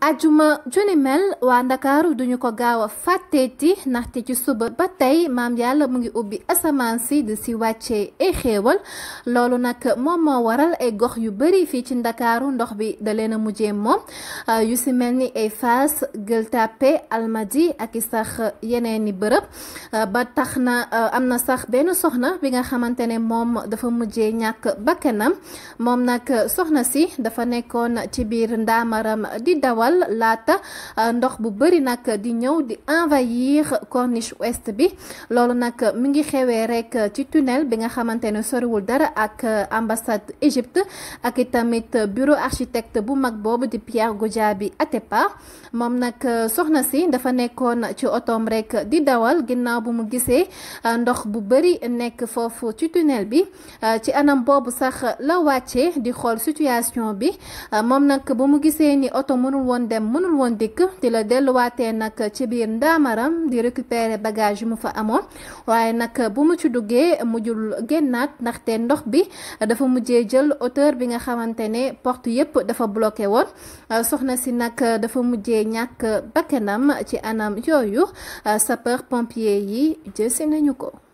ajuma joni mel waa ndakaaru duñu ko gaaw a fàtteeti ndaxte ci suba ba tey maam yàlla mu ngi ubbi asamaan si di si wàcce ay xéewal loolu nag moom moo waral ay gox yu bari fii ci ndakaaru ndox bi da leen a mujjee moom ah, yu si mel ni ay Fass Gueule Tapée Almadies ak i sax yeneen i bërëb ah, ba tax na ah, am na sax benn soxna bi nga xamante ne moom dafa mujjee ñàkk bakkanam moom nag soxna si dafa nekkoon ci biir ndaamaram di dawal taxawal laata euh, ndox bu bëri nag di ñëw di envahir corniche ouest bi loolu nag mu ngi xewee rek ci tunnel bi nga xamante ne soriwul dara ak euh, ambassade Égypte ak itamit bureau architecte bu mag boobu di Pierre Goudiaby Atepa moom nag euh, soxna si dafa nekkoon ci otoom rek di dawal ginnaaw bu mu gisee ndox bu bëri nekk foofu ci tunnel bi ci anam boobu sax la wàccee di xool situation bi moom nag bu mu gisee ni oto mënul woon dem mënul woon dikk di la delluwaatee nag ci biir ndaamaram di récupérer bagage yi mu fa amoon waaye nag bu mu ci duggee mujjul génnaat ndaxte ndox bi dafa mujje jël hauteur bi nga xamante ne porte yëpp dafa bloqué woon soxna si nag dafa mujjee ñàkk bakkanam ci anam yooyu sapeur pompier yi jësi nañu ko